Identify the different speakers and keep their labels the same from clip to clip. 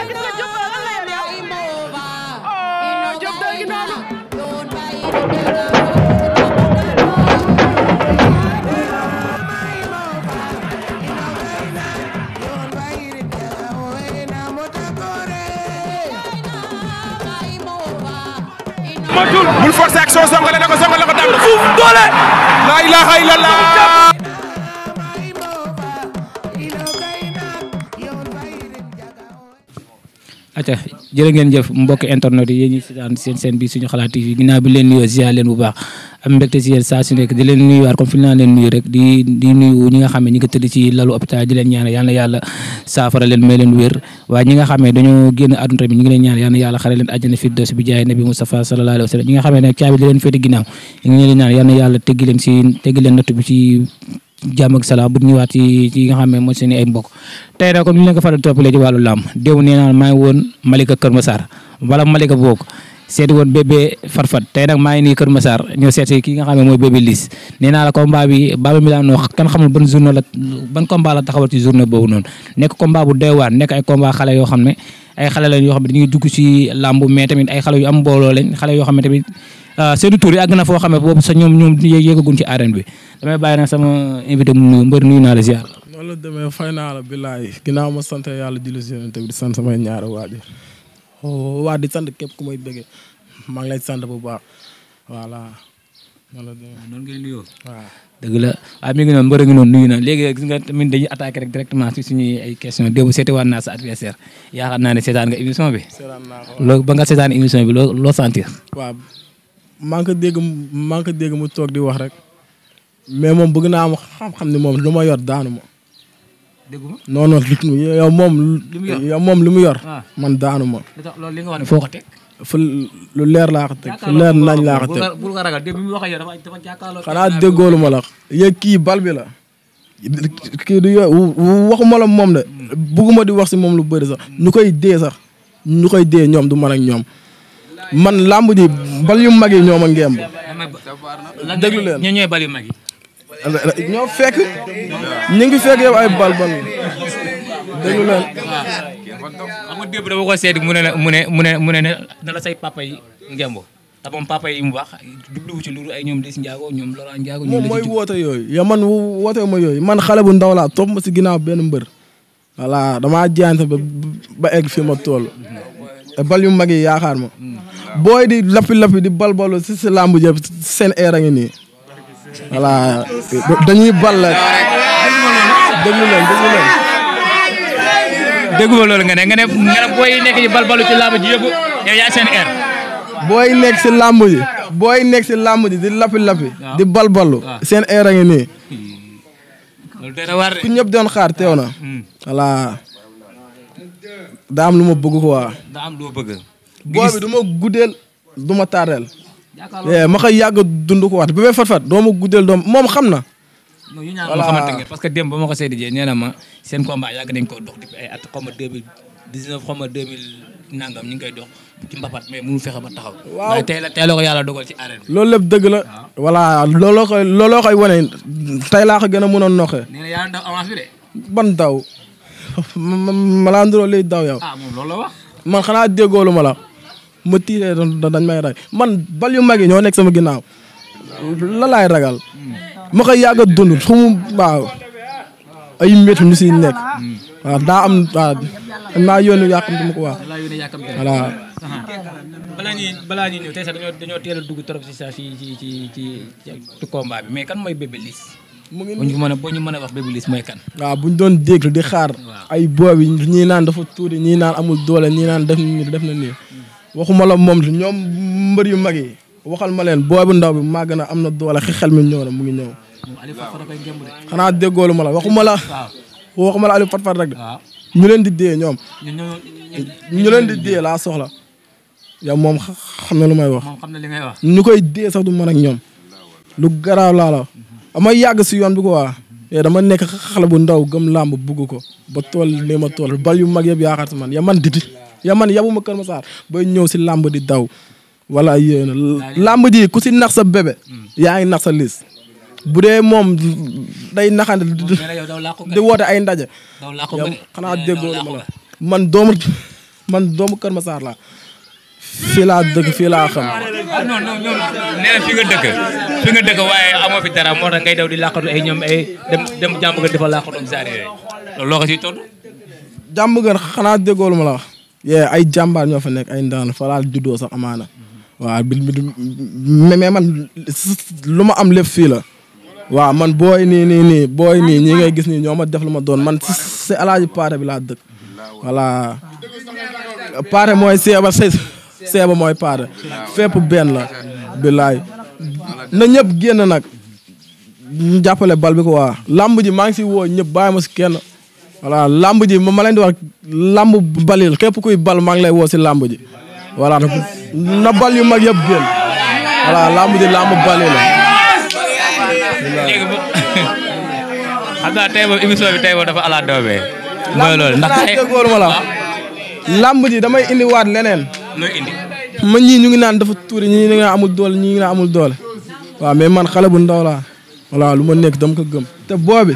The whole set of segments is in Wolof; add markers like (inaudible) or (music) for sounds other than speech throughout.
Speaker 1: waaye gis nga Diop lan la yem yow. Diop dër gi noonu. bul forcer ak soo songale na ko songale na ko daan na fuuf doole. la ilaha illallah.
Speaker 2: acca ngeen jëf mbokki internet yi yéen ñi seen seen bi suñu xalaat TV ginnaaw bi leen nuyoo ziar leen bu baax am mbégte si yéen saa su nekk leen nuyuwaat comme fi naa leen nuyu rek di di nuyu ñi nga tëdd ci lalu hôpital di leen ñaan yal na yàlla xare leen àjjana firdaws bi jaay nabi Mustafa sallallahu alayhi wa sallam ñi nga caabi di leen féete ginnaaw ñi ngi leen ñaan yal na yàlla teggi leen teggi leen natt bi ci jàmm ak salaam bu ñëwaat ci ci nga xam mooy seen ay mbokk tey rek comme ni ñu leen ko faral toppalee ci wàllu làmb déw nee naa maa ngi woon Malika Kër Massar wala Malika boog seeti woon bébé farfat tey nag maa ngi nii Kër Massar ñoo seeti ki nga xam ne mooy bébé Liss nee naa la combat bi Baba Milano kan xamul ban journée la ban combat la taxawal ci journée boobu noonu nekk combat bu doy waar nekk ay combat xale yoo xam ne ay xale lañ yoo xam ne dañuy dugg ci làmb mais tamit ay xale yu am mbooloo lañ xale yoo xam ne seen tur yi na foo xam ne boobu sa ñoom ñoom yëgagun ci arène bi damay bàyyi nag sama invité mu nuyu mbër nuyu naa la ziar.
Speaker 3: la demee fay naa la billaay ginnaaw ma sant yàlla julli si yonent bi waajur oh, waa di sant képp ku may bëggee maa ngi lay sant bu baax voilà. noonu la demee
Speaker 2: dëgg la waaw mi ngi noonu mbër a ngi noonu nuyu na léegi gis nga tamit dañuy si suñuy ay question démb seetiwaat naa sa adversaire
Speaker 3: yaakaar naa seetaan nga émission bi loo ba nga seetaan
Speaker 2: émission bi loo sentir
Speaker 3: waaw maa dégg maa ngi ko mu toog di wax rek mais moom bëgg naa am xam-xam ne moom lu ma yor daanu ma dégg ma non non yow moom yow moom li mu yor ah. man daanu ma lu leer la xate fu leer nañ laa xate
Speaker 2: xanaa déggoolu
Speaker 3: ma la yéeg kii bal bi la kii moom de hmm. bugguma di wax si moom lu bëri sax hmm. ñu koy dee sax ñu koy dee ñoom du man ak ñoom man làmb ji bal yu mag yi ñoom a ngemb
Speaker 2: déglu leen ñoo ñooy bal
Speaker 3: yu ay bal bal
Speaker 2: xam nga démb dama mu ne la mu mu mu ne ne la say papa yi ngembo te moom papa yi mu wax ci lu ay ñoom des njaago ñoom Laurent njaago moom mooy woote
Speaker 3: yooyu ya man woote ma yooyu man xale bu ndaw laa topp ma si ginnaaw benn mbër voilà damaa jaante ba ba egg fi ma toll bal yu mag yi ma booy di lappi lappi di balbalu si si làmb jëf seen air a ngi nii voilà dañuy bal la déglu leen dégguma loolu nga ne nga ne
Speaker 2: nga ne booy nekk ci balbalu ci làmb ji yëpp yow yaa seen air.
Speaker 3: booy nekk si làmb ji. booy nekk si làmb ji di lappi lappi. di balbalu. seen air a ngi ku ñëpp doon xaar teew na. Hmm. voilà. daa lu ma bëgg quoi. daa am lu ma bëgg. boo bi du ma guddeel du ma taareel. ma koy yàgg dund ko waat bu may fat fat doom moom xam na.
Speaker 2: non yu ñaar xamante ngeen parce que démb ba ma ko Seydi Dieng nee na ma seen combat yàgg nañ koo dox depuis ay at xaw ma deux mille dix neuf xaw ma deux mille nangam ñu ngi koy dox ci mbapat mais mënu fexe ba taxaw. waaw waaye tey la tey la ko yàlla dogal
Speaker 3: ci arène bi. loolu lépp dëgg la. Ah. voilà looloo koy looloo koy wane tey laa ko gën a mën a noqe.
Speaker 2: nee na yàlla daw avance bi de.
Speaker 3: ban daw ma laa nduroo liy daw yow. ah moom loolu la wax. man xanaa déggoolu ma la ma tiiree dañ may rey man bal yu mag yi ñoo nekk sama ginnaaw la laay ragal. ma koy yàgg a dund fu mu waaw ay métti ñu siy nekk waaw daa am waaw naa yónni yàkkamti ma ko waaw voilà
Speaker 2: balaa ñuy balaa ñuy ñëw tey sax dañoo dañoo teel a dugg trop si saa si ci ci ci ci combat bi mais kan mooy Bébé Liss mu ngi ñu mën a boo ñu
Speaker 3: mën a wax Bébé Liss mooy kan. waaw bu ñu doon déglu di xaar. ay boobu ñii naan dafa tuuti ñii naan amul doole ñii naan def na nii def na nii. Mm. waxuma la moom ñoom mbër yu mag yi. waxal ma leen booy ndaw bi màgg na am na doole xel mi ñëw mu ngi ñëw. xanaa déggoolu ma la waxuma la. waxuma la Aliou rek de. ñu leen di dee ñoom. ñu leen di dee laa soxla. yow moom xam na lu may wax. xam na li ñu koy dee sax du mën ak ñoom. lu garaala laa la. Mhm. ama yàgg si yoon bi ko wa te dama nekk xale bu ndaw gëm làmb bugg ko ba tool nii ma tool yu mag yëpp yaakaar si man ya man di yaman man yabu ma Kër Massar bay ñëw si làmb di daw. wala yéen làmb ji ku si nax sa bébé. yaa ngi nax sa liis. bu dee moom day naxante di woote ay ndaje. yow xanaa déggoo ma la man doom man doomu Kër masaar la fii laa dëkk fii laa xam. ah
Speaker 2: fi nga dëkk fi nga dëkk waaye amoo fi dara moo tax ngay daw di làqatu ay ñoom ay dem gën dafa làqatu ak saa yooyu loolu
Speaker 3: loo ma la wax. yee ay jàmbaar ñoo fa nekk ay ndaan fa laal juddoo sax amaana. waaw bi mais man lu ma am lépp fii la waaw man booy nii ni nii booy nii ñi ngay gis ni ñoo ma def lu ma doon man si alaaji paare bi laa dëkk voilà paare mooy seeba seeba mooy paare fépp benn la bilaay na ñëpp génn nag ñu jàppale bal bi ko waa làmb ji maa ngi si woo ñëpp bàyyi ma si kenn voilà làmb ji ma leen di wax làmb balil képp kuy bal maa ngi lay woo si làmb ji voilà na bal yu mag yëpp génn voilà làmb ji làmb bali la.
Speaker 4: xam
Speaker 2: naa tey boobu émission bi tey boobu dafa ala doobee.
Speaker 3: Ah. ji damay indiwaat leneen. man ñii ñu ngi naan dafa tuuri ñii ñu naan amul doole ñii ñu ngi naan amul doole. waaw mais man xale bu ndaw laa. voilà lu ma nekk dama ko gëm. te boobi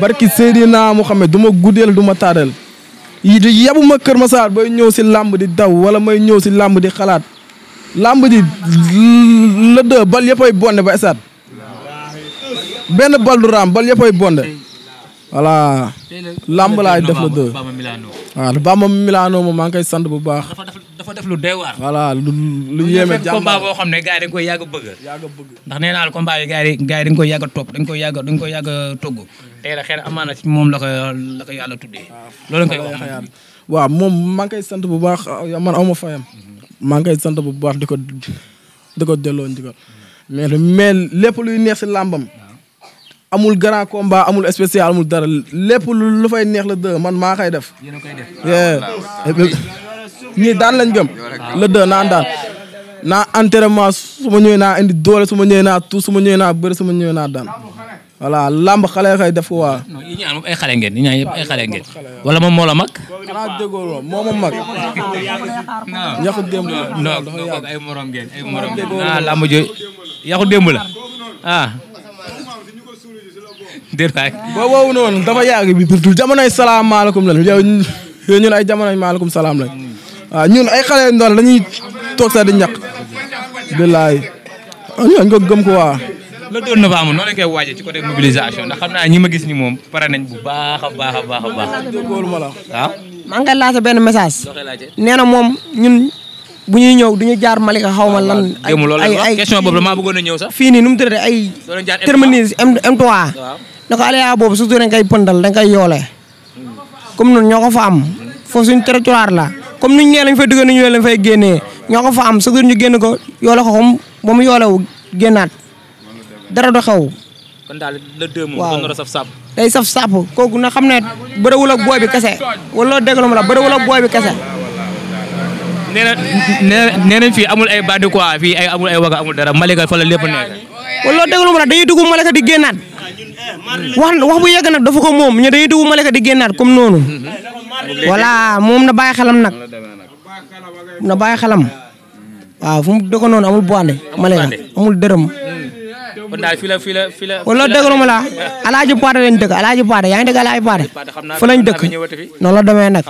Speaker 3: barki Seydina Muhammad du ma guddeel du ma taadeel yabuma Kër Massar bay ñëw si làmb di daw wala may ñëw si làmb di xalaat làmb di la dë bal yëppay bonde ba esaat benn bal du raam bal yëppay bonde voilà làmb laay def la dë waaw Bamba Milano ma maa ngi koy sant bu baax dafa def lu doy waar. voilà xam
Speaker 2: ne gars yi dañ koy yàgg a bëgg. yàgg a bëgg ndax nee naa la combat yi gars yi gars yi dañ koy yàgg a topp dañ koy yàgg a dañ a togg. tey la xëy na amaana moom la ko la ko yàlla tuddee. Ah, loolu nga koy wax man.
Speaker 3: waaw moom maa ngi koy sant bu man aw ma fayam. maa ngi koy sant bu baax di ko di ko delloo ndigal. mais mais lépp luy neex si làmbam. amul grand combat amul spécial amul dara lépp lu fay neex la dë man maa koy def. yéen a koy ñii daan lañ gëm. le daan naa entraînement su ma ñëwee naa na doole su ma ñëwee naa tuut su ma ñëwee naa bëri su ma naa daan voilà làmb xale
Speaker 2: wala moom moo la mag. xanaa
Speaker 3: déggoo lool moo ma la. non non ay morom ngeen ay morom
Speaker 2: ngeen. ah làmb jooju yaxu démb la ah. déet
Speaker 3: waay. boo woowu noonu dafa yàgg waaw ñun ay xale yu ndaw dañuy toog sax di ñàkk. billaay
Speaker 5: ah,
Speaker 4: ñooñ ko gëm ko waa.
Speaker 2: la na fa noo leen ci côté mobilisation ndax naa ñi ma gis ni moom pare nañ bu baax baax a baax a baax. waaw.
Speaker 4: Ah? benn message. nee na moom ñun bu ñuy ñëw du ñu jaar Malika xaw ma lan. Ah, ay ay ay question boobu la maa
Speaker 2: a ñëw sax. fii
Speaker 4: nii nu mu tëddee ay. terminus M3. waaw ne ko Alioune boobu surtout dañ koy pëndal dañ koy yoolee. Hmm. comme noonu ñoo am. foofu suñu territoire la. comme nuñ nee lañ fay duggee nuñ nee lañ fay génnee ñoo ko fa am sa ñu génn ko yoole ko xam ba mu yoolewu génnaat dara du xew. kon daal day saf sàpp kooku na xam ne bëriwul ak booy ma la bëriwul ak booy bi kese.
Speaker 2: nee na nee nañ amul ay badi quoi fii ay amul waga amul dara Malika fa la lépp nekk.
Speaker 4: wala déglu ma di génnaat wax wax bu yegg nag dafa ko moom ñu dañuy dugg Malika di génnaat comme noonu. Mhm. voilà moom na bàyyi xelam nag. na bàyyi xelam. waaw fu mu dëkkoon noonu amul boande. amul boande amul dërëm.
Speaker 2: kon daal fii la fii la fii la. wala dëgg ma la alaaji paate lañ
Speaker 4: dëkk alaaji paate yaa ngi dëkk alaaji paate fa lañ dëkk noonu la demee nag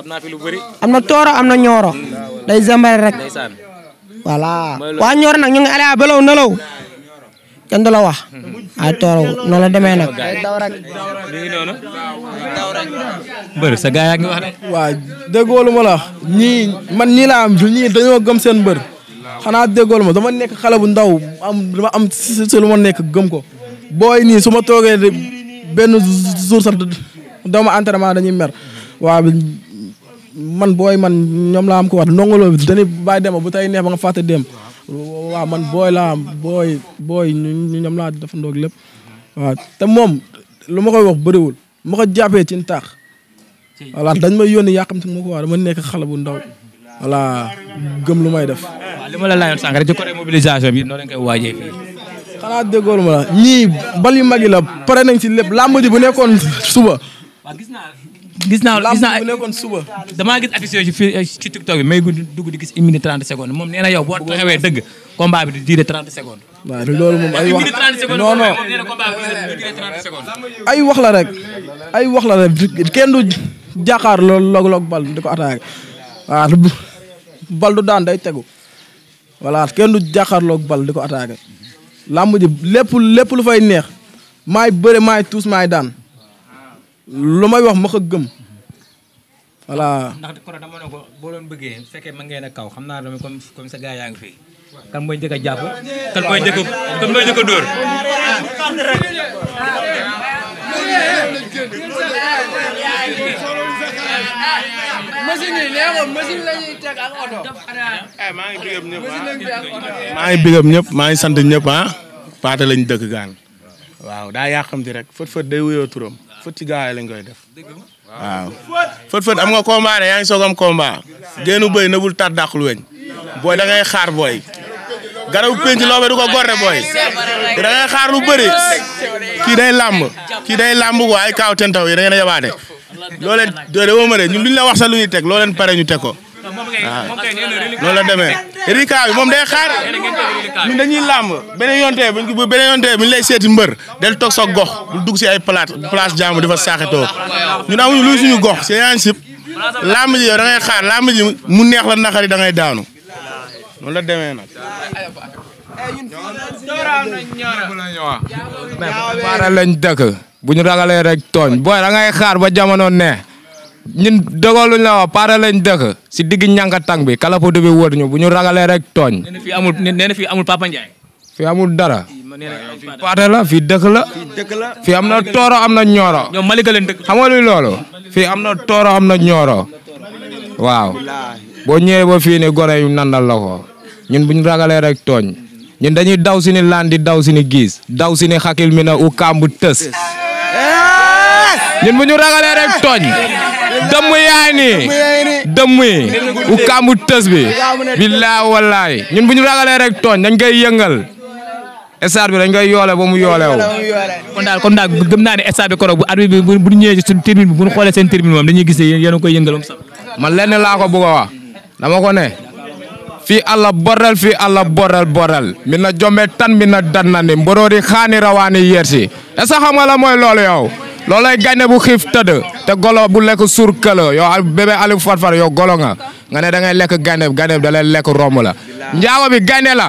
Speaker 4: am na tooro am na ñooro day zambare rek voilà waa ñooro nag ñu ngi alaa belaw nelaw kenn du la ay toor noonu demee nag.
Speaker 2: mbër sa gaa yaa ngi wax
Speaker 3: de. waaw
Speaker 4: déggoo lu ma la wax.
Speaker 3: ñii man ñii laa am ñii dañoo gëm seen mbër. xanaa déggoo lu ma dama nekk xale bu ndaw am dama am lu ma nekk gëm ko. booy nii su ma toogee benn jour sax dama entraînement dañuy mer. waaw man booy man ñoom laa am ko wax ndongoloo bi dañuy bàyyi dem bu tay neex ba nga fàtte dem. waaw man booy laa am booy booy ñu ñoom laa defandoog lépp waaw te moom lu ma koy wax bëriwul ma ko jàppee ci taax voilà dañ may yónni yàqamti ma ko waa dama nekk xale bu ndaw voilà gëm lu may def.
Speaker 2: li ma la laajoon sànq ci côté mobilisation bi noo leen koy waajee
Speaker 3: fii. xanaa déggoolu ma bal yu mag yi la pare nañ ci lépp làmb ji nekkoon suba. waaw gis naa gis naa
Speaker 2: damaa gis affiche yooyu fii eh, ci TikTok bi may dugg di gis une minute trente secondes moom nee na yow boo taxawee dëgg combat bi di diire trente
Speaker 3: loolu moom ay wax non non wax la rek ay wax la rek kenn du jàkkaar loolu log-log ko attaqué waaw tegu voilà kenn du jàkkaarloog bal di ko attaqué. lépp lépp lu fay neex maay bëre maay tuus maay daan. lu may wax ma ko gëm. voilà
Speaker 2: ndax kon boo doon bëggee fekkee ma ngeen a kaw xam naa dama comme comme sa gars yaa ngi fi. kan mooy njëkk a jàpp kan la ñuy
Speaker 1: teg ak eh, maa ngi bigam ñëpp ah.
Speaker 3: maa ngi bigam ñëpp maa ngi sant ñëpp
Speaker 1: ah. lañ dëkk gaan
Speaker 3: waaw daa yàqamti rek fët day wuyoo turam. fëtti gars yi lañ koy def waaw. fët fët am nga combat de yaa ngi soog na combat.
Speaker 1: génn bëy nëbul tat dàqul weñ. booy da ngay xaar booy. garabu penc loobe du ko gorre booy.
Speaker 2: da ngay xaar lu bëri. kii day làmb kii
Speaker 1: day làmb waaye
Speaker 3: kaaw ten taw yi da ngeen a yabaate. loo leen doole woo ma de ñun luñ la wax sax lu ñuy teg loo ñu teg noonu ah. la demee reliquat bi moom day xaar ñun dañuy làmb beneen yoon tee bu beneen yoon tee lay seeti mbër del toog sa gox bul dugg si ay place place jàmm dafa saaxitoo ñun amuñu luy suñu gox c'est mu neex la naqari da ngay daanu noonu la demee nag.
Speaker 1: lañ dëkk bu ñu ragalee rek tooñ booy da ngay xaar ba jamono ne ñun dëggoo luñ la lañ dëkk si digg ñànka tàng bi kalafutu bi wër ñu bu ñu ragalee rek tooñ. nee na
Speaker 2: fii amul nee fii amul Papa Ndiaye.
Speaker 1: fii amul fii paate la dëkk la. fii am na tooro am na ñooro. ñoom Malika leen dëkk. xam fii am na tooro am na ñooro. waaw boo ñëwee ba fii ni gone yu nandal la ñun bu ñu ragalee rek tooñ ñun dañuy daw si ni di daw si ni giis daw si ni xakil mi na u kàmb tës.
Speaker 5: ñun bu ñu ragalee rek tooñ dëmm yaay dëmm yi u kaamu bi billaa wallaay
Speaker 1: ñun bu ñu ragalee rek tooñ dañ koy yëngal stade bi dañ koy yoole ba mu yoolewu kon daal kon daal gëm naa ne stade ko koro bu arbitre bi bu ñëwee si suñu tribune bi bu ñu xoolee seen tribune moom dañuy gis ne yéen a koy yëngalum sax man lenn laa ko bëgg a wax ne fii alla borrel fii alla borrel borrel mi na jombe tan mi na dan na ni mboroo di xaani rawaani yersi est-ce xam nga la mooy loolu yow loolay gaynde bu xiif tëdd te golo bu lekk suur këla yow bébé Aliou Fat Fat yow golo nga nga ne da ngay lekk gane bu gane bi da lekk romb la njaago bi gane la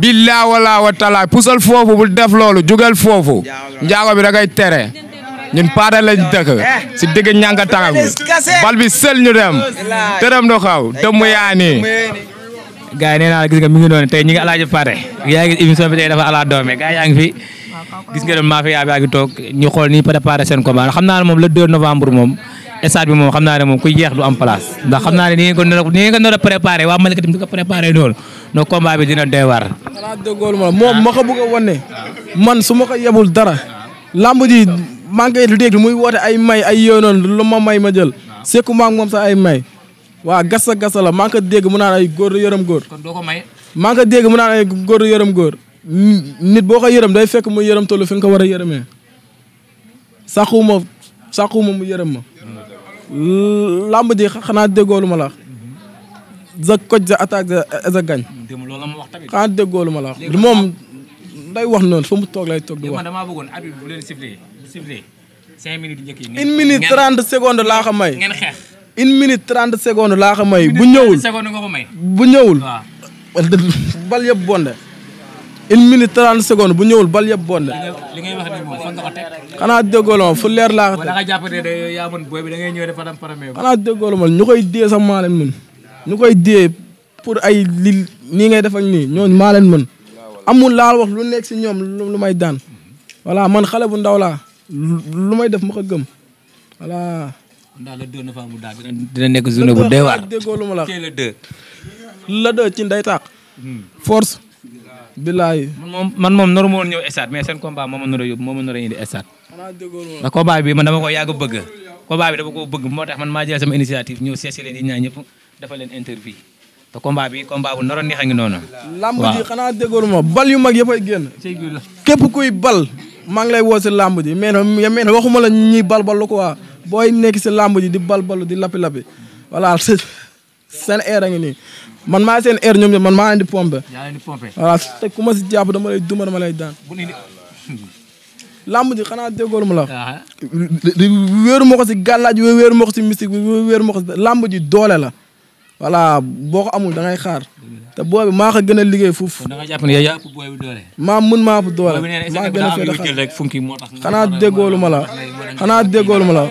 Speaker 1: billaa wala wa taala pusal foofu bul def loolu jugal foofu njaago bi da ngay tere ñun paata lañ dëkk eh. si digg ñànga tànga bi bal bi sël ñu dem tërëm do xaw dëmm yaa nii
Speaker 2: gars yi nee gis nga mi ngi noonu tey ñu ngi alaaji paate yaa ngi émission bi tey dafa ala doome gars yaa ngi fi gis nga dem mafia bi a ngi toog ñu xool ni préparé seen combat xam naa ne moom le 2 novembre moom stade bi moom xam naa ne moom ku yeex du am place ndax xam naa ne ni ngeen ko nar a ni ngeen ko nar a préparé waa Malika tamit ko préparé noonu no combat bi dina doy waar.
Speaker 3: xanaa ma moom ma ko bëgg a wane man su ma ko yebul dara lamb ji maa ngi koy muy woote ay may ay yooyu noonu lu ma may ma jël sekku maa ngi moom sax ay may waa gasa gasa la maa ngi ko dégg mu naan ay góor yërëm góor. kon doo ko may. maa ngi ko dégg mu naan góor nit boo ko yërëm day fekk mu yërëm tollu fi ko war a yërëmee saxuma saxuma mu yërëm ma làmb ji xanaa déggoolu ma la za koj za attaque za gañ xanaa déggoolu ma la moom day wax noonu fa mu toog lay toog di wax damaa
Speaker 2: bëggoon arbitre bu leen sifflé sifflé cinq minutes njëkk yi
Speaker 3: une minute trente secondes laa ko may ngeen xeex une minute trente secondes laa ko may bu ñëwul bu ñëwul bal yëpp bonde une minute trente bu ñëwul bal yëpp bon la.
Speaker 2: li ngay wax nii moom fan nga ko teg.
Speaker 3: xanaa déggoo la ma fu leer laa ko teg. wala nga jàpp
Speaker 2: ne de yow yaa mën booy bi da ngay ñëw dafa dem parame.
Speaker 3: xanaa déggoo la ma ñu koy dee sax maa leen mën ñu koy dee pour ay li nii ngay def nii ñooñu maa mën amul laa lu nekk si ñoom lu may daan voilà man xale bu ndaw laa lu may def ma ko gëm voilà. ndax le 2 novembre nekk journée bu doy waar. déggoo lu la la 2 ci ndey tàq. bilaay man moom man moom naru ma woon
Speaker 2: ñëw stade mais seen combat moo ma nar a yóbbu moo ma nar a indi stade. ndax combat bi man dama ko yàgg bëgg. combat bi dama ko bëgg moo tax man maa sama initiative ñëw seesi ñaa ñëpp dafa leen interview te combat bi combat bu naroon neex a ngi
Speaker 3: ma bal yu mag yëpp ay génn. képp kuy bal maa ngi lay woo si lamb ji mais nag waxuma la ñuy bal balu quoi booy nekk si lamb ji di bal balu di lappi lappi voilà (laughs) seen air a ngi man maa seen air ñoom ñoom man maa leen di pompé.
Speaker 2: yaa leen di pompé voilà
Speaker 3: te ku ma si jàpp dama lay duma dama lay daan. bu ni làmb ji xanaa déggoolu ma la. Ah. wéeru ma ko si gàllaaj wéeru ma ko si mystique làmb ji doole la. voilà ko amul da ngay xaar. te booy bi maa ko gën a liggéey fuuf. da jàpp ne yow yaa
Speaker 2: ëpp booy
Speaker 3: maa mun maa ëpp doole. maa gën a
Speaker 2: fee
Speaker 3: xanaa déggoolu ma xanaa déggoolu ma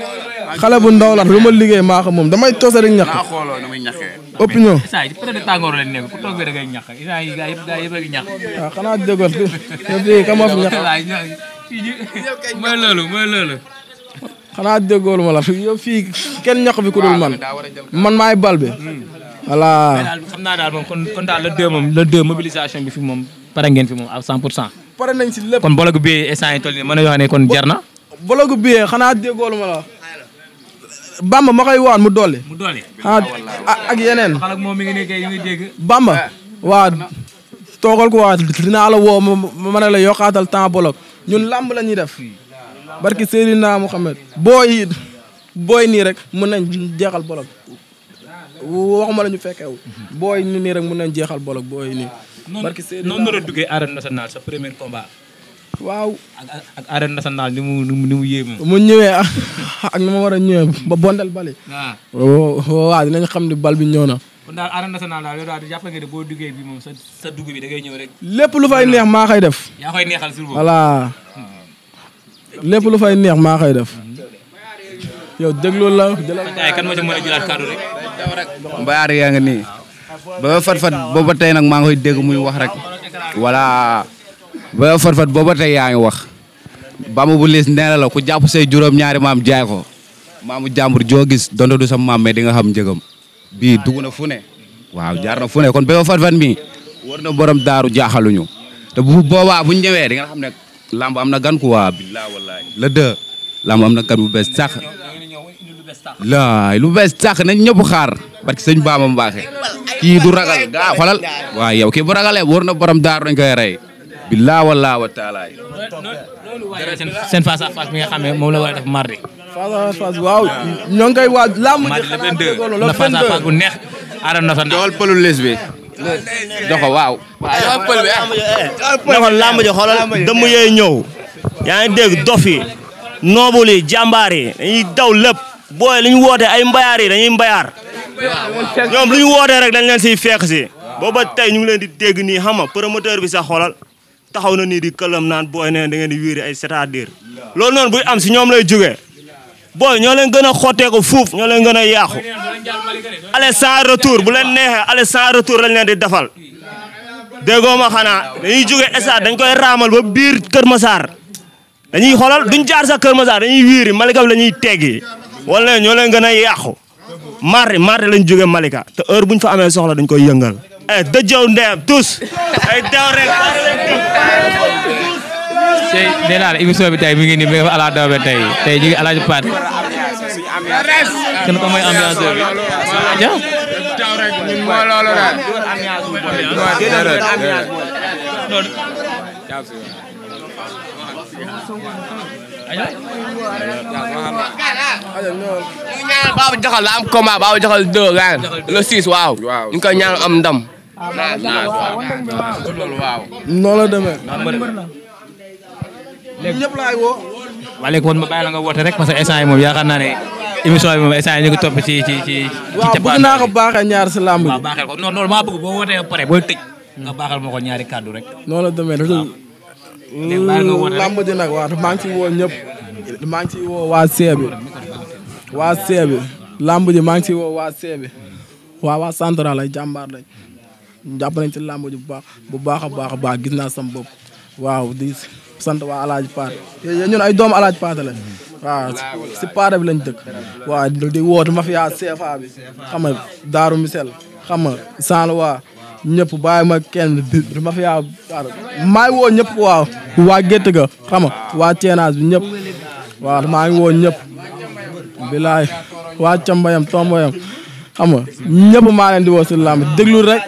Speaker 3: xale bu ndaw la lu ma moom damay toose rek ñàkk. naa
Speaker 2: xooloo nu muy ñàkkee. opinion. saa yi ci période tàngoor la nekk ku toog da ngay ñàkk a ngi ah,
Speaker 3: xanaa déggoo fii ka fi ñàkk. fii kenn ñàkk fi ku dul man man maay bal bi. Hmm. voilà.
Speaker 2: xam naa daal moom kon kon daal le deux moom le deux mobilisation bi fi moom pare ngeen fi moom à 100 pour cent.
Speaker 3: pare nañ si lépp kon
Speaker 2: bologu bi instant yi toll na yoo ne kon jar na.
Speaker 3: bologu bi xanaa déggoo Bamba ma waan mu dolli. mu dolli ah, ak yeneen.
Speaker 2: moom mi ngi nekkee yu ngi dégg.
Speaker 3: Bamba waa toogal ko waa dinaa la woo ma ne la yokkaatal temps bolok ñun làmb la ñuy def barki Seydina Mouhamed booy booy nii rek mën nañ jeexal bolok waxuma la ñu fekkeewu booy nii rek mën nañ jeexal bolok booy nii. barki Seydina noonu la
Speaker 2: duggee waaw. ak ak arène nationale ni mu ni mu yéeme.
Speaker 3: mu ñëwee ah, ak ma war a ñëwee ba bondal bali. Ah. waaw waaw dinañ xam ne bal bi ñëw na.
Speaker 2: kon daal arène nationale nga ne boo duggee bi moom sa sa dugg bi da ñëw rek.
Speaker 3: lépp lu fay neex maa koy def. yaa koy neexal sur voilà lépp lu fa neex maa koy def.
Speaker 1: yow déglu la. ay kan yaa nga nii. ba fat fat booba tey nag maa ngi dégg muy wax rek. ba fat fat booba tey yaa ngi wax bamba bu liis la ku jàpp say juróom-ñaari maam jaay ko maamu jàmbur joo gis donte du sa maam mais di nga xam njëgam bii dugg na fu ne waaw jaar fu ne kon ba fat fat mi war na borom daaru jaaxaluñu te bu boobaa bu ñëwee di nga xam ne lamb am na gan quoi wa wallaahi la deux lamb am na gan bu bees sax laay lu bees sax nañ ñëpp xaar parce que sëñ Bamba Mbacke kii du ragal gaa xolal waaw yow kii bu ragalee war na borom daaru dañ koy rey billaa wallaa taalaay.
Speaker 3: loolu waaye
Speaker 2: seen face nga xam moom la war a def mardi.
Speaker 3: face à face waaw ñoo ngi koy la face à face bu
Speaker 1: neex. Adam na fa doxal pëlu les bi. doxal waaw. doxal pël bi ah. doxal eh. làmb ji xoolal dëmm eh. yee
Speaker 4: ñëw. yaa ngi dégg dof yi noobul yi daw lépp booy li woote ay mbayaar yi mbayaar. ñoom lu ñu rek dañ leen siy fekk si. booba tey ñu ngi leen di dégg nii xam nga promoteur bi sax xoolal. taxaw na nii di këlam naan booy ne da ngeen di wiiri ay c'est-à-dire loolu noonu buy am si ñoom lay jógee booy ñoo leen gën a xottee ko fuuf ñoo leen gën a yaaxu aller sans retour bu leen neexee ale sans retour lañ leen di defal déggoo ma xanaa dañuy jóge stade dañ koy raamal ba biir Kër Massar dañuy xoolal duñ jaar sax Kër Massar dañuy wiiri Malika bi la ñuy teggi wala ñoo leen gën a yàqu mardi mardi lañ jóge Malika te heure buñ fa amee soxla dañ koy yëngal eh dëjëw ndeyam tous. ay daw rek.
Speaker 1: tey
Speaker 2: nee naa la émission bi tey mi ngi nii mi ngi fa ala daw ba tey tey ñu ngi El Hadj Pat.
Speaker 1: kenn ko mooy ambiance bi. mooy loolu rek. ñu ñaanal Baba Jaxal la am combat Baba Jaxal 2 le 6 waaw. ñu ngi koy ñaanal am ndam. waaw noonu la demee.
Speaker 3: léegi ñëpp laay woo.
Speaker 2: waa léegi kon ma bàyyi la nga woote rek parce que instant yi moom yaakaar naa ne émission bi moom instant yi ñu ngi topp ci ci ci. waaw bëgg naa
Speaker 3: ko baaxee ñaar si làmb bi. waaw baaxee ko non non maa bëgg boo wootee ba pare booy tëj. nga baaxal ma ko ñaari kàddu rek. noonu la demee dafa. làmb ji nag waaw maa ngi ciy woo ñëpp. maa ngi ciy woo waa see bi. waa see bi làmb ji maa ngi ciy woo waa see bi. waa waa central ay jàmbaar lañ. jàpp nañ ci làmb ji bu baax bu baax a baax a baax gis naa sam bopp waaw sant waa alaaji paate ñun ay doomu alaaji paate lañ waaw si paate bi lañ dëkk waaw di woote mafia CFA bi xam nga daaru misel xam nga san waa ñëpp bàyyi ma kenn du ma fi yaa maa woo ñëpp waaw waa gétt ga xam nga waa ceenaas bi ñëpp waaw maa ngi woo ñëpp bilaay waa cambayam tombayam xam nga ñëpp maa leen di woo si làmb déglu rek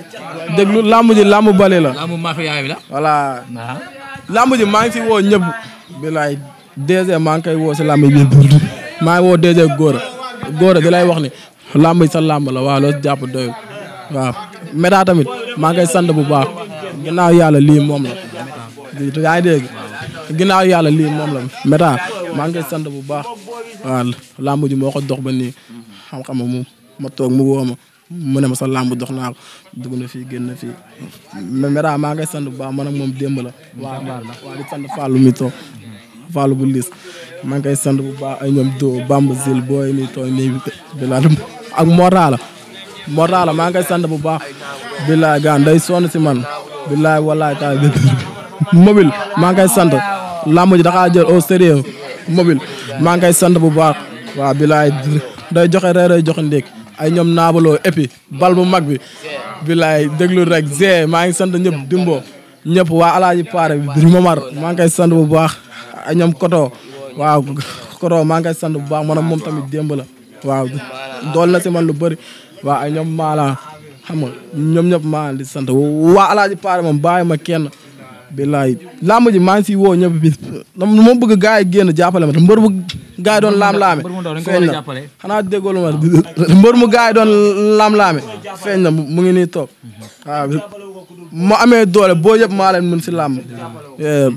Speaker 3: déglu làmb ji làmb bale la. làmb mafia bi la. voilà. ji maa ngi si woo ñëpp. bilaay DG maa ngi woo si làmb bi Bourdou. maa ngi woo DG Gora. Gora di lay wax ni. làmb ji sa làmb la waaw loolu jàpp doyul. waaw tamit maa ngi koy sant bu baax. ginnaaw yàlla lii moom la. yàlla lii moom la Meda maa ngi koy sant bu baax. waaw ji moo ko dox ba nii. ma toog mu woo mu ne ma sa làmb dox naa ko na fii génn na fii Mera maa ngay sant bu baax man ak moom démb la. waaw waaw di sant Fallou mi toog Fallou bu lis maa ngi koy sant bu baax ay ñoom do Bamba Zil booy maa ngi koy sant bu baax. billaay gaan day sonn si man billaay walaay taal mobile maa ngi koy sant làmb ji daxaa jël au sérieux mobile maa ngi koy sant bu baax waaw billaay day joxe ay ñoom naabaloo et puis bal bu mag bi bilay déglu rek g maa ngi sant ñëpp dimbo ñëpp waa alaaji paare bi bir momar maa ngi koy bu baax ay ñoom koto waaw koto maa ngi koy bu baax man moom tamit démb la waaw dool na si man lu bëri waaw ay ñoom maala xam nga ñoom ñëpp maa di sant waa alaaji paare moom bàyyi ma kenn billaay làmb ji maa ngi siy woo ñëpp bis dama ma bëgg gars yi génn jàppale ma te mbër mu gars yi doon laam-laame na xanaa déggoo ma mbër mu gars yi doon laam-laame feeñ na mu ngi nii toog waaw ma amee doole boo yëpp maa leen mën si làmb eh,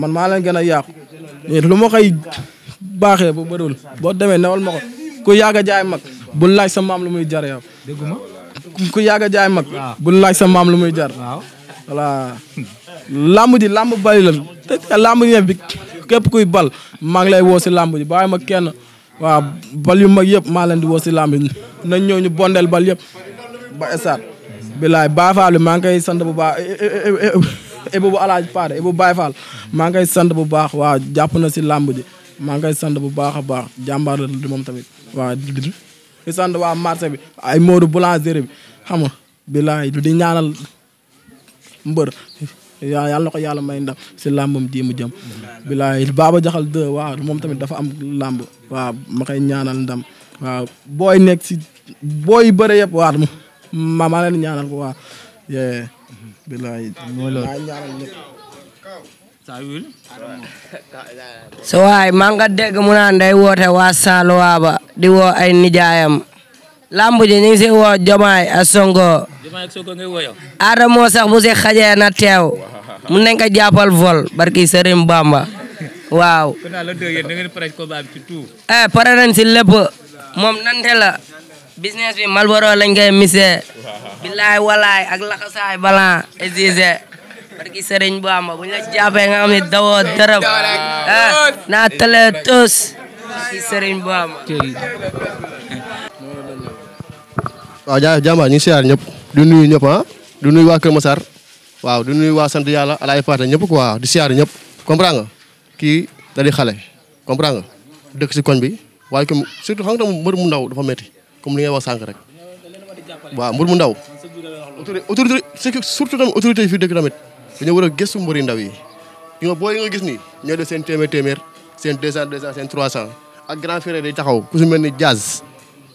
Speaker 3: man maa leen gën a yàqu eh, lu ma koy baaxee bu bëriwul boo demee newal ma ko ku yàgg a jaay mag bu laaj sa maam lu muy jar yow déggu ma ku yàgg a jaay mag laaj sa maam lu muy jar làmb ji làmb bari la te làmb ji bi képp kuy bal maa ngi lay woo si làmb ji bàyyi ma kenn waaw bal yu mag yëpp maa leen di woo si làmb ji nañ ñëw ñu bondeel bal yëpp ba esaat bilaay Baay Faal bi maa ngi koy sant bu baax e, e, e, Ibou bu Alaaji maa ngi koy sant bu baax waaw jàpp na si làmb ji maa ngi koy sant bu baax a baax jàmbaar la di moom tamit waaw di sant waa marché bi ay Modou Boulangerie bi xam nga bilaay di ñaanal yàlla na ko yàlla may ndam si làmbam ji mu jëm. bilaay Baba Jaxal 2 waaw moom tamit dafa am làmb waaw ma koy ñaanal ndam waaw booy nekk si booy bëre yëpp waaw ma maa leen ñaanal ko waaw. bilaay mooy ñaanal ñëpp.
Speaker 4: so waay maa nga mu naan day woote waa Saloa ba di woo ay nijaayam. lamb ji ñu ngi si woo Jomaay ak Sonko. Jomaay sax bu si xajee na teew. mu ne nga jàppal vol barki Serigne waaw.
Speaker 2: kon daal la dégg yéen da
Speaker 4: eh, si lépp moom nante la business bi Malboro lañ koy misee. walaay ak laxasaay balan exigé barki Serigne Bamba bu ñu nga xam ne dawoo dërëm eh naa tëlee tos barki Serigne
Speaker 5: waaw jaajëf jàmbaar ñu siyaar ñëpp du nuyu ñëpp ah. du nuyu waa Kër Massar waaw du nuyu waa sant yàlla alaay faata ñëpp quoi di siyaar ñëpp comprendre nga kii da di xale comprendre nga dëkk si koñ bi waaye comme surtout mu ndaw dafa metti comme li sànq rek waaw mbër mu ndaw autorité surtout autorité yi fii dëkk tamit dañoo war a gëstu mbëri ndaw yi ñu nga booy nga gis ni ñoo def seen téeméer téeméer seen 200 200 seen 300 ak grand frère day taxaw ku si mel ni jazz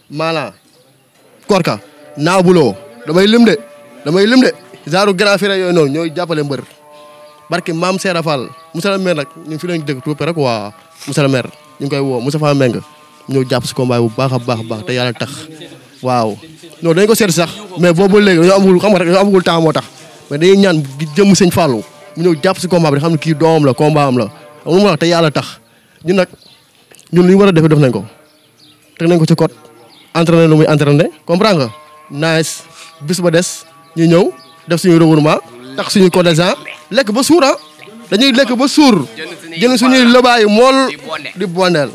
Speaker 5: maala korka naabuloo damay lim de damay lim de genre grand frère yooyu noonu ñooy jàppale mbër barke maam Seera Fall monsieur le maire nag ñu fi lañ dégg tuuti rek waa monsieur ñu ngi koy woo Moustapha Mbengue ñëw jàpp si combat bu baax a baax a baax te yàlla tax waaw non dañ ko seet sax mais boobu léegi dañoo xam nga rek dañoo amul temps moo tax mais dañuy ñaan di jëm sëñ Fallou mu ñëw jàpp si combat bi xam ne kii doomam la combat am la ma wax yàlla tax ñun nag ñu war a def def nañ ko teg nañ ko ci code entraîné nu muy entraîné comprends nga nice bis ba des ñu ñëw def suñu regroupement tax suñu contingent lekk ba suura ah. dañuy lekk ba suur jël suñuy lëbaay mool di bondeel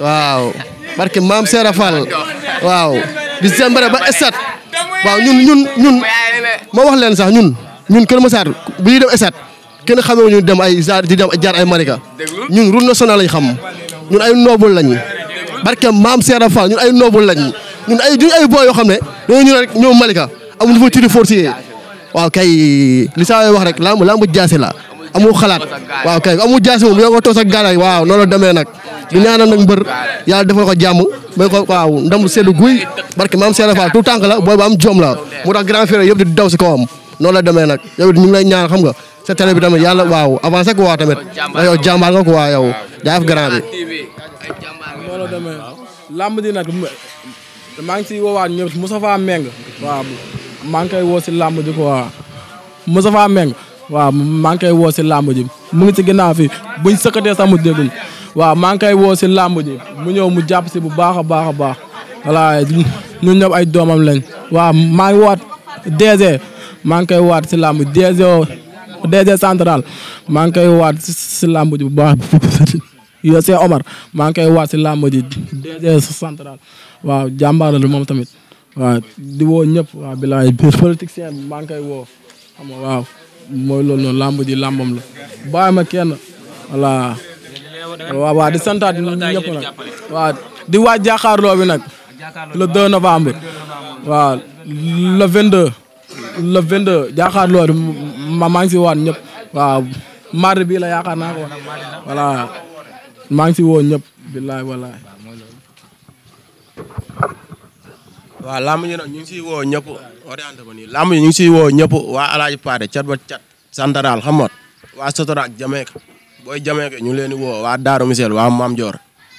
Speaker 5: waaw barke maam Seera Fall waaw di sembare ba estat waaw ñun ñun ñun ma wax leen sax ñun ñun Kër Massar bu ñuy dem estat kenn xamee ñu dem ay jaar di dem jaar ay Malika ñun na nationale lañ xam ñun ay noble lañ barke maam Seera Fall ñun ay noobul lañ ñun ay duñ ay boy yoo xam ne dañoo ñu rek ñoom Malika amuñu fa tuuti forcier waaw kay li saa wax rek lamb lamb jaase la amul xalaat waaw kay amul jaase moom yoo ko toog sa gaalaay waaw noonu la nag di ñaanal nag mbër yàlla defal ko jàmm may ko waaw ndam seddu guy barke maam Seera Fall tànk la booy ba am jom la mu tax yëpp di daw si kawam noonu la demee nag yow ñu ngi lay ñaan xam nga sa télé bi tamit yàlla waaw avancé ko waa tamit yow jàmbaar nga ko waa yow jaayaf grand
Speaker 3: bi loolu demee làmb ji nag maa ngi siy woowaat ñëpp Moustapha Meng maa ngi koy woo si làmb ji quoi Moustapha Meng maa ngi koy woo si làmb ji mu ngi si ginnaaw fii buñ sëkkatee sax mu déggul waaw maa ngi koy woo si làmb ji mu ñëw mu jàpp si bu baax a baax a baax voilà ñun ñëpp ay doomam lañ waa maa ngi waat DG maa ngi koy waat si làmb DG DG maa ngi koy waat si làmb bu baax yo see Omar maa ngi koy waat si làmb ji DG central waaw jàmbaar la moom tamit waaw di woo ñëpp waaw bilaay politicien maa ngi koy woo xam nga waaw mooy loolu noonu làmb ji la bàyyi ma kenn voilà di santaat ñëpp nag waaw di waaj jàkkaarloo bi nag le 2 novembre waaw le 22 le 22 jàkkaarloo bi ma ngi si waat ñëpp waaw mardi bii la yaakaar naa ko voilà maa ngi si woo ñëpp billaay walaay. waaw làmb ñu nag ñu ngi siy woo ñëpp orienté ko nii làmb ñu ngi siy woo ñëpp waa alaaji paate cat ba santaral xam waa sotora ak jameek booy jameek ñu leen di woo waa daaru misel waa maam joor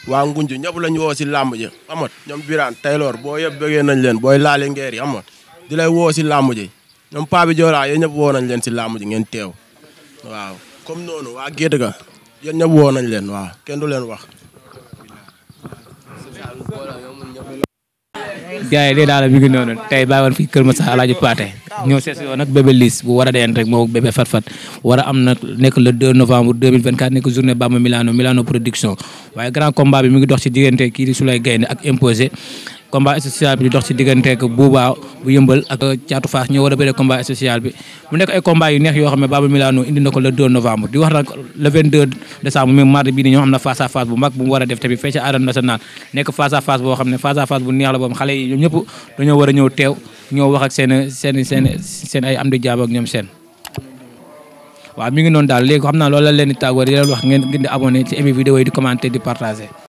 Speaker 3: waa ngunju ñëpp la woo si làmb ji xam ñoom biraan taylor boo yëpp bëggee nañ leen booy laali ngeer yi xam nga di lay woo si làmb ji ñoom paa bi joolaa yooyu ñëpp nañ leen si làmb ji ngeen teew waa gétt yéen ñëpp leen waaw kenn du leen wax.
Speaker 2: gars yi de daal mi ngi noonu tay bàyyi woon fii Kër ma sax Alaaji Paate ñoo sees yoon nag bébé Liss bu war a deen rek moo bébé Fatfat war a am na nekk le 2 novembre 2024 nekk journée Bamba Milano Milano production waaye grand combat bi mi ngi dox ci diggante kii di Souley Gaynde ak imposé combat spécial bi di dox ci digganteeg Bouba bu yëmbal ak Thiatou Fass ñoo war a bëre combat spécial bi mu nekk ay yu neex yoo xam ne Baba Milano indi bu mag mu war a def tamit fee ci arène nationale nekk face à face boo xam ne face à face bu neex la boobu xale yi ñoom ñëpp dañoo war a ñëw teew ñoo wax seen ay am di jaab ñoom seen waaw mi ngi noonu daal léegi xam naa loolu la leen di tàggoo di leen wax ngeen gën di yi di commenter di partager